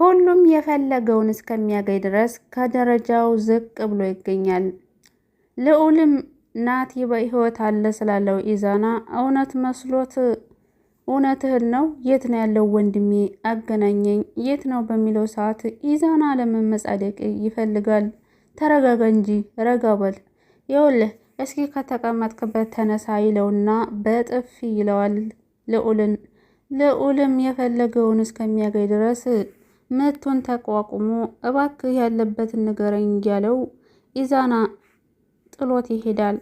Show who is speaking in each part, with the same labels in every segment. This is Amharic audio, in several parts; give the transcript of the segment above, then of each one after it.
Speaker 1: ሁሉም የፈለገውን እስከሚያገኝ ድረስ ከደረጃው ዝቅ ብሎ ይገኛል። ልዑልም ናቲ በሕይወት አለ ስላለው ኢዛና እውነት መስሎት እውነትህን ነው፣ የት ነው ያለው ወንድሜ አገናኘኝ፣ የት ነው በሚለው ሰዓት ኢዛና ለመመጻደቅ ይፈልጋል። ተረጋጋ እንጂ ረጋ በል ይኸውልህ፣ እስኪ ከተቀመጥክበት ተነሳ ይለውና በጥፊ ይለዋል ልዑልን። ልዑልም የፈለገውን እስከሚያገኝ ድረስ መቶን ተቋቁሞ እባክህ ያለበትን ንገረኝ እያለው ኢዛና ጥሎት ይሄዳል።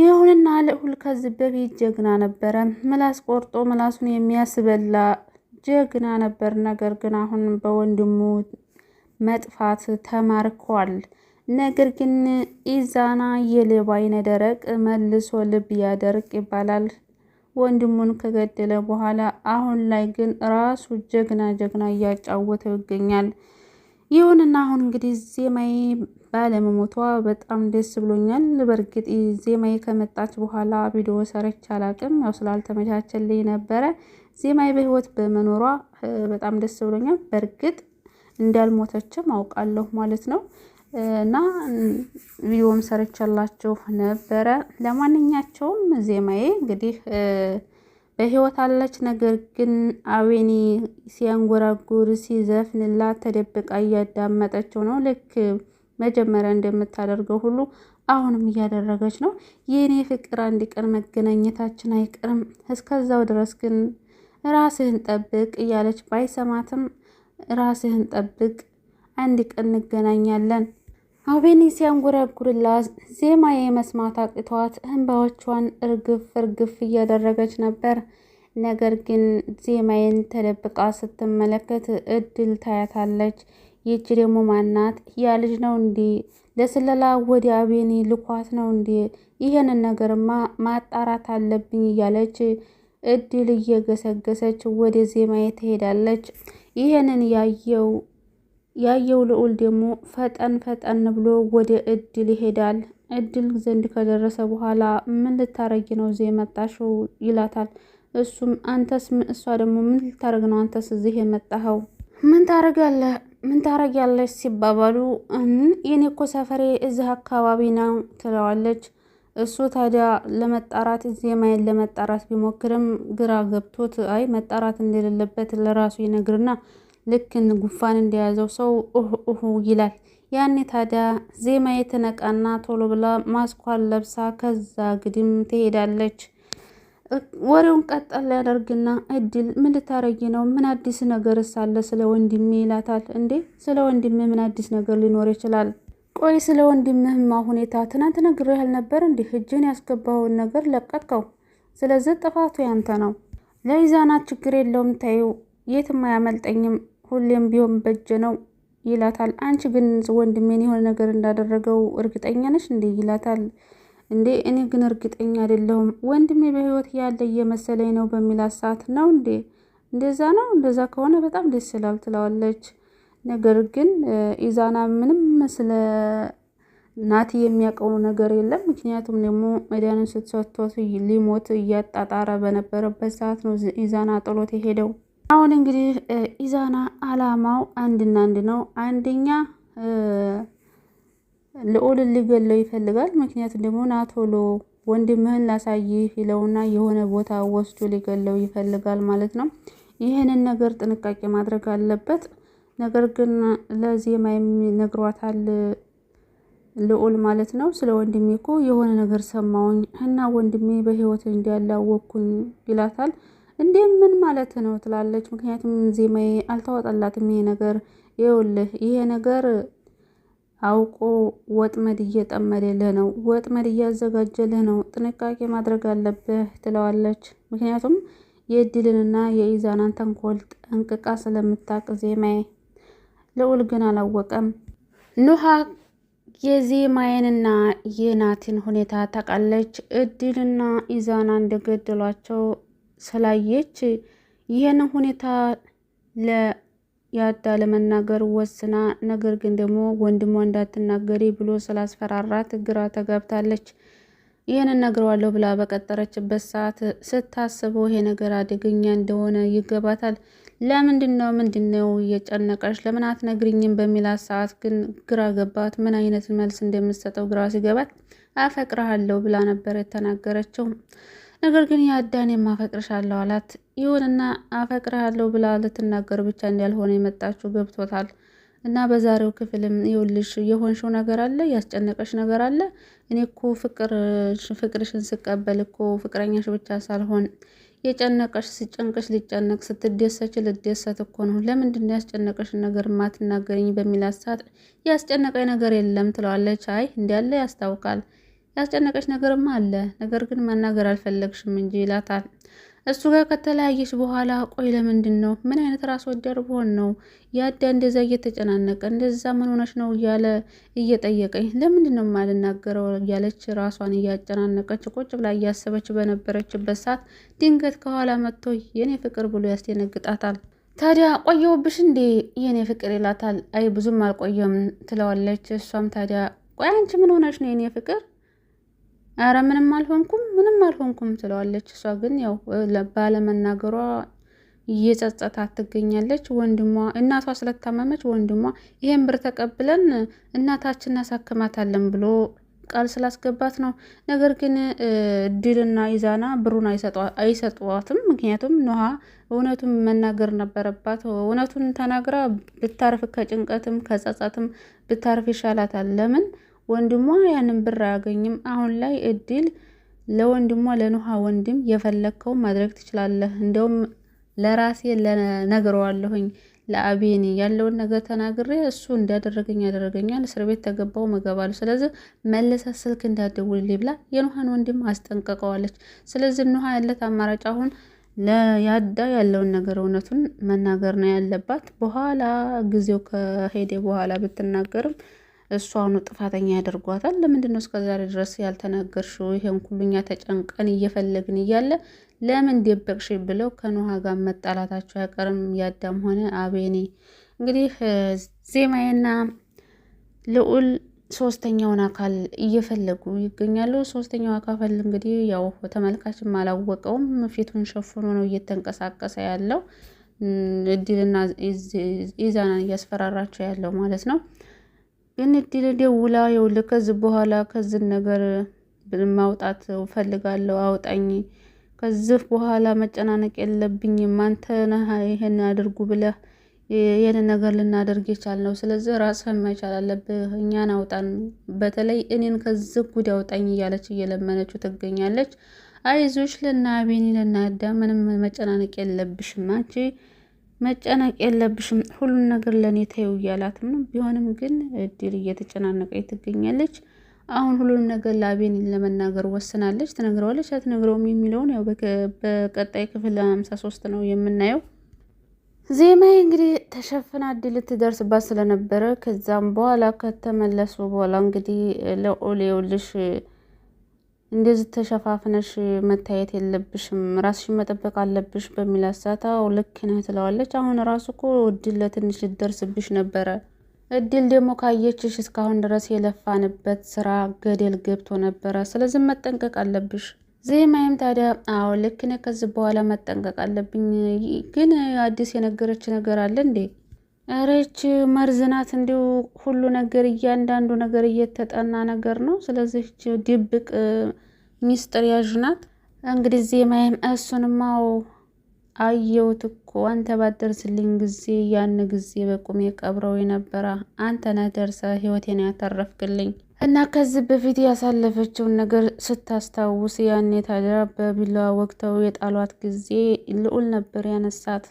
Speaker 1: ይሁንና ልዑል ከዚህ በፊት ጀግና ነበረ። ምላስ ቆርጦ ምላሱን የሚያስበላ ጀግና ነበር። ነገር ግን አሁን በወንድሙ መጥፋት ተማርኳል። ነገር ግን ኢዛና የልብ አይነ ደረቅ መልሶ ልብ ያደርቅ ይባላል። ወንድሙን ከገደለ በኋላ አሁን ላይ ግን ራሱ ጀግና ጀግና እያጫወተው ይገኛል። ይሁንና አሁን እንግዲህ ዜማዬ ባለመሞቷ በጣም ደስ ብሎኛል። በእርግጥ ዜማዬ ከመጣች በኋላ ቪዲዮ ሰረች አላቅም፣ ያው ስላልተመቻቸልኝ ነበረ። ዜማዬ በህይወት በመኖሯ በጣም ደስ ብሎኛል። በእርግጥ እንዳልሞተችም አውቃለሁ ማለት ነው። እና ቪዲዮም ሰርቻላችሁ ነበረ። ለማንኛቸውም ዜማዬ እንግዲህ በህይወት አለች። ነገር ግን አቤኒ ሲያንጎራጉር ሲዘፍንላት ተደብቃ እያዳመጠችው ነው። ልክ መጀመሪያ እንደምታደርገው ሁሉ አሁንም እያደረገች ነው። የእኔ ፍቅር አንድ ቀን መገናኘታችን አይቀርም፣ እስከዛው ድረስ ግን ራስህን ጠብቅ እያለች ባይሰማትም ራስህን ጠብቅ፣ አንድ ቀን እንገናኛለን አቤኒ ሲያንጎራጉርላት ዜማዬ መስማት አቅቷት እንባዎቿን እርግፍ እርግፍ እያደረገች ነበር። ነገር ግን ዜማዬን ተደብቃ ስትመለከት እድል ታያታለች። ይቺ ደግሞ ማናት? ያ ልጅ ነው እንዲ ለስለላ ወደ አቤኒ ልኳት ነው እንዲ ይህንን ነገርማ ማጣራት አለብኝ እያለች እድል እየገሰገሰች ወደ ዜማዬ ትሄዳለች። ይህንን ያየው ያየው ልዑል ደግሞ ፈጠን ፈጠን ብሎ ወደ እድል ይሄዳል። እድል ዘንድ ከደረሰ በኋላ ምን ልታረጊ ነው እዚህ የመጣሽው ይላታል። እሱም አንተስ፣ እሷ ደግሞ ምን ልታረግ ነው አንተስ እዚህ የመጣኸው? ምን ታረጋለህ ምን ታረጊያለሽ ሲባባሉ የኔ እኮ ሰፈሬ እዚህ አካባቢ ነው ትለዋለች። እሱ ታዲያ ለመጣራት ማየን ለመጣራት ቢሞክርም ግራ ገብቶት አይ መጣራት እንደሌለበት ለራሱ ይነግርና ልክን ጉንፋን እንደያዘው ሰው ኡህ ኡህ ይላል። ያኔ ታዲያ ዜማዬ ትነቃና ቶሎ ብላ ማስኳን ለብሳ ከዛ ግድም ትሄዳለች። ወሬውን ቀጠል ያደርግና እድል ምን ልታረጊ ነው? ምን አዲስ ነገር ሳለ ስለ ወንድሜ ይላታል። እንዴ ስለ ወንድሜ ምን አዲስ ነገር ሊኖር ይችላል? ቆይ ስለ ወንድምህማ ሁኔታ ትናንት ነግሬህ አልነበር? እንዲህ እጅን ያስገባውን ነገር ለቀጥከው። ስለዚህ ጥፋቱ ያንተ ነው። ለይዛና ችግር የለውም ተይው፣ የትም አያመልጠኝም ሁሌም ቢሆን በጀ ነው ይላታል። አንቺ ግን ወንድሜን የሆነ ነገር እንዳደረገው እርግጠኛ ነሽ እንዴ ይላታል። እንዴ እኔ ግን እርግጠኛ አይደለሁም ወንድሜ በህይወት ያለ እየመሰለኝ ነው በሚላት ሰዓት ነው እንዴ እንደዛ ነው እንደዛ ከሆነ በጣም ደስ ይላል ትለዋለች። ነገር ግን ኢዛና ምንም ስለ ናቲ የሚያውቀው ነገር የለም። ምክንያቱም ደግሞ መድኃኒት ስትሰጥቶት ሊሞት እያጣጣረ በነበረበት ሰዓት ነው ኢዛና ጥሎት የሄደው። አሁን እንግዲህ ኢዛና አላማው አንድና አንድ ነው። አንደኛ ልዑልን ሊገለው ይፈልጋል። ምክንያቱም ደግሞ ና ቶሎ ወንድምህን ላሳይህ ይለውና የሆነ ቦታ ወስዶ ሊገለው ይፈልጋል ማለት ነው። ይህንን ነገር ጥንቃቄ ማድረግ አለበት። ነገር ግን ለዜማ የሚነግሯታል ልዑል ማለት ነው። ስለ ወንድሜ እኮ የሆነ ነገር ሰማውኝ እና ወንድሜ በህይወት እንዳላወቅኩኝ ይላታል። እንዴ ምን ማለት ነው ትላለች። ምክንያቱም ዜማዬ አልተዋጠላትም ይሄ ነገር። ይኸውልህ ይሄ ነገር አውቆ ወጥመድ እየጠመደልህ ነው፣ ወጥመድ እያዘጋጀልህ ነው፣ ጥንቃቄ ማድረግ አለብህ ትለዋለች። ምክንያቱም የእድልንና የኢዛናን ተንኮል ጠንቅቃ ስለምታቅ ዜማዬ። ልዑል ግን አላወቀም። ኑሃ የዜማዬንና የናቲን ሁኔታ ታውቃለች። እድልና ኢዛና እንደገደሏቸው ስላየች ይህን ሁኔታ ለያዳ ለመናገር ወስና፣ ነገር ግን ደግሞ ወንድሟ እንዳትናገሪ ብሎ ስላስፈራራት ግራ ተጋብታለች። ይህን እነግረዋለሁ ብላ በቀጠረችበት ሰዓት ስታስበው ይሄ ነገር አደገኛ እንደሆነ ይገባታል። ለምንድን ነው ምንድን ነው እየጨነቀች ለምን አትነግሪኝም? በሚላት ሰዓት ግን ግራ ገባት። ምን አይነት መልስ እንደምትሰጠው ግራ ሲገባት አፈቅርሃለሁ ብላ ነበር የተናገረችው። ነገር ግን የአዳን የማፈቅርሻለሁ አላት። ይሁንና አፈቅርሃለሁ ብላ ልትናገር ብቻ እንዳልሆነ የመጣችው ገብቶታል። እና በዛሬው ክፍልም ይኸውልሽ የሆንሽው ነገር አለ፣ ያስጨነቀሽ ነገር አለ። እኔ እኮ ፍቅርሽን ስቀበል እኮ ፍቅረኛሽ ብቻ ሳልሆን የጨነቀሽ ስጨንቅሽ ሊጨነቅ ስትደሰች ልደሰት እኮ ነው። ለምንድን ያስጨነቀሽ ነገር ማትናገርኝ? በሚላት ሰዓት ያስጨነቀኝ ነገር የለም ትለዋለች። አይ እንዲያለ ያስታውቃል ያስጨነቀች ነገርም አለ፣ ነገር ግን መናገር አልፈለግሽም እንጂ ይላታል። እሱ ጋር ከተለያየች በኋላ ቆይ ለምንድን ነው ምን አይነት ራስ ወዳድ ብሆን ነው ያዳ እንደዛ እየተጨናነቀ እንደዛ ምን ሆነች ነው እያለ እየጠየቀኝ ለምንድን ነው የማልናገረው እያለች ራሷን እያጨናነቀች ቁጭ ብላ እያሰበች በነበረችበት ሰዓት ድንገት ከኋላ መጥቶ የኔ ፍቅር ብሎ ያስደነግጣታል። ታዲያ ቆየውብሽ እንዴ የኔ ፍቅር ይላታል። አይ ብዙም አልቆየም ትለዋለች። እሷም ታዲያ ቆይ አንቺ ምን ሆነች ነው የኔ ፍቅር አረ ምንም አልሆንኩም ምንም አልሆንኩም ትለዋለች። እሷ ግን ያው ባለመናገሯ እየጸጸታት ትገኛለች። ወንድሟ እናቷ ስለታመመች ወንድሟ ይሄን ብር ተቀብለን እናታችን እናሳክማታለን ብሎ ቃል ስላስገባት ነው። ነገር ግን እድልና ኢዛና ብሩን አይሰጧትም። ምክንያቱም ኖሃ እውነቱን መናገር ነበረባት። እውነቱን ተናግራ ብታርፍ ከጭንቀትም ከጸጸትም ብታርፍ ይሻላታል። ለምን ወንድሟ ያንን ብር አያገኝም። አሁን ላይ እድል ለወንድሟ ለኑሃ ወንድም የፈለግከው ማድረግ ትችላለህ። እንደውም ለራሴ ለነግረዋለሁኝ ለአቤኒ ያለውን ነገር ተናግሬ እሱ እንዳደረገኝ ያደረገኛል። እስር ቤት ተገባው መገባሉ። ስለዚህ መለሰ ስልክ እንዳትደውልልኝ ብላ የኑሃን ወንድም አስጠንቀቀዋለች። ስለዚህ ኑሃ ያለት አማራጭ አሁን ለያዳ ያለውን ነገር እውነቱን መናገር ነው ያለባት። በኋላ ጊዜው ከሄደ በኋላ ብትናገርም እሷኑ ጥፋተኛ ያደርጓታል። ለምንድን ነው እስከዛሬ ድረስ ያልተናገርሽው? ይሄን ሁሉኛ ተጨንቀን እየፈለግን እያለ ለምን ደበቅሽ? ብለው ከኖሃ ጋር መጣላታቸው አይቀርም ያዳም ሆነ አቤኔ። እንግዲህ ዜማዬና ልዑል ሶስተኛውን አካል እየፈለጉ ይገኛሉ። ሶስተኛው አካል እንግዲህ ያው ተመልካችም አላወቀውም፣ ፊቱን ሸፍኖ ነው እየተንቀሳቀሰ ያለው። እድልና ኢዛናን እያስፈራራቸው ያለው ማለት ነው። ግን እድል ደውላ የውል ከዚህ በኋላ ከዚህ ነገር ማውጣት ፈልጋለሁ አውጣኝ፣ ከዚህ በኋላ መጨናነቅ የለብኝም። አንተ ነህ ይህን አድርጉ ብለህ ይህን ነገር ልናደርግ የቻልነው። ስለዚህ ራስህን መቻል አለብህ፣ እኛን አውጣን፣ በተለይ እኔን ከዚህ ጉድ አውጣኝ እያለች እየለመነችው ትገኛለች። አይዞሽ፣ ልናቢኒ ልናዳ ምንም መጨናነቅ የለብሽም አንቺ መጨነቅ የለብሽም ሁሉን ነገር ለእኔ ተይው እያላትም ነው። ቢሆንም ግን እድል እየተጨናነቀች ትገኛለች። አሁን ሁሉንም ነገር ለአቤን ለመናገር ወስናለች። ትነግረዋለች አትነግረውም የሚለውን ያው በቀጣይ ክፍል ሃምሳ ሶስት ነው የምናየው። ዜማዬ እንግዲህ ተሸፍና እድል ልትደርስባት ስለነበረ ከዛም በኋላ ከተመለሱ በኋላ እንግዲህ ለኦሌውልሽ እንደዚህ ተሸፋፍነሽ መታየት የለብሽም፣ ራስሽን መጠበቅ አለብሽ በሚል ሰዓት ልክ ነህ ትለዋለች። አሁን ራሱ እኮ እድል ለትንሽ ልደርስብሽ ነበረ። እድል ደግሞ ካየችሽ እስካሁን ድረስ የለፋንበት ስራ ገደል ገብቶ ነበረ። ስለዚህ መጠንቀቅ አለብሽ። ዜማዬም ታዲያ አዎ ልክ ነህ፣ ከዚህ በኋላ መጠንቀቅ አለብኝ። ግን አዲስ የነገረች ነገር አለ እንዴ? ረች መርዝናት እንዲሁ ሁሉ ነገር እያንዳንዱ ነገር እየተጠና ነገር ነው። ስለዚህ ድብቅ ሚስጥር ያዥ ናት። እንግዲህ ዜማዬም እሱንማው አየሁት እኮ አንተ ባደርስልኝ ጊዜ ያን ጊዜ በቁሜ ቀብረው የነበረ አንተ ነህ ደርሰ ህይወቴን ያተረፍክልኝ እና ከዚህ በፊት ያሳለፈችውን ነገር ስታስታውስ ያን ታዲያ በቢላዋ ወቅተው የጣሏት ጊዜ ልዑል ነበር ያነሳት።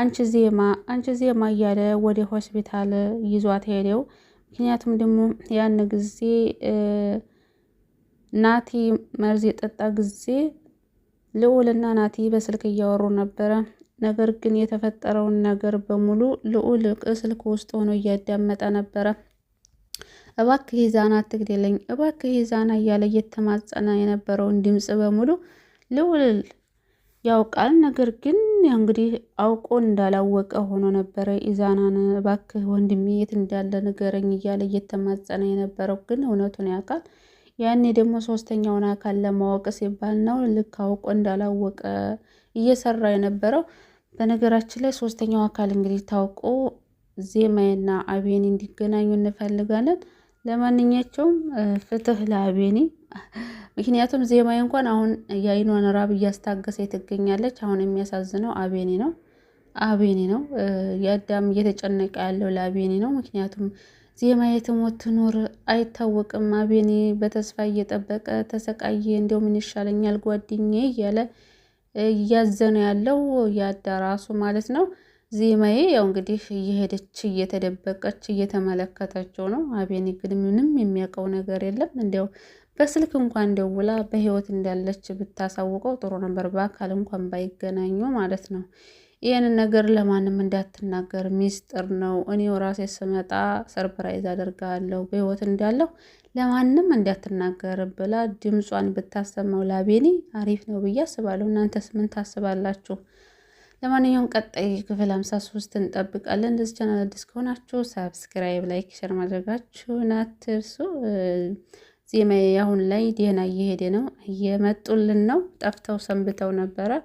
Speaker 1: አንቺ ዜማ አንቺ ዜማ እያለ ወደ ሆስፒታል ይዟት ሄደው። ምክንያቱም ደግሞ ያን ጊዜ ናቲ መርዝ የጠጣ ጊዜ ልዑልና ናቲ በስልክ እያወሩ ነበረ። ነገር ግን የተፈጠረውን ነገር በሙሉ ልዑል ስልክ ውስጥ ሆኖ እያዳመጠ ነበረ። እባክህ ሂዛና አትግደለኝ፣ እባክህ ሂዛና እያለ እየተማጸነ የነበረውን ድምፅ በሙሉ ልዑል ያውቃል። ነገር ግን እንግዲህ አውቆ እንዳላወቀ ሆኖ ነበረ። ኢዛናን እባክህ ወንድሜ የት እንዳለ ንገረኝ እያለ እየተማጸነ የነበረው ግን እውነቱን ያውቃል። ያኔ ደግሞ ሶስተኛውን አካል ለማወቅ ሲባል ነው። ልክ አውቆ እንዳላወቀ እየሰራ የነበረው። በነገራችን ላይ ሶስተኛው አካል እንግዲህ ታውቆ ዜማዬና አቤኒ እንዲገናኙ እንፈልጋለን። ለማንኛቸውም ፍትህ ለአቤኒ። ምክንያቱም ዜማዬ እንኳን አሁን የአይኗን ራብ እያስታገሰ ትገኛለች። አሁን የሚያሳዝነው አቤኒ ነው አቤኒ ነው። የአዳም እየተጨነቀ ያለው ለአቤኒ ነው። ምክንያቱም ዜማ ሞት ትኖር አይታወቅም። አቤኔ በተስፋ እየጠበቀ ተሰቃየ። እንደው ምን ይሻለኛል ጓደኜ እያለ እያዘነ ያለው ያዳራሱ ማለት ነው። ዜማዬ ያው እንግዲህ እየሄደች እየተደበቀች እየተመለከተችው ነው። አቤኔ ግን ምንም የሚያውቀው ነገር የለም። እንዲያው በስልክ እንኳን ደውላ በህይወት እንዳለች ብታሳውቀው ጥሩ ነበር፣ በአካል እንኳን ባይገናኙ ማለት ነው። ይህንን ነገር ለማንም እንዳትናገር ሚስጥር ነው። እኔው ራሴ ስመጣ ሰርፕራይዝ አደርጋለሁ በህይወት እንዳለሁ ለማንም እንዳትናገር ብላ ድምጿን ብታሰማው ላቤኒ አሪፍ ነው ብዬ አስባለሁ። እናንተስ ምን ታስባላችሁ? ለማንኛውም ቀጣይ ክፍል ሀምሳ ሶስት እንጠብቃለን። ለዚህ ቻናል አዲስ ከሆናችሁ ሳብስክራይብ፣ ላይክ፣ ሸር ማድረጋችሁን አትርሱ። ዜማ አሁን ላይ ደህና እየሄደ ነው፣ እየመጡልን ነው። ጠፍተው ሰንብተው ነበረ።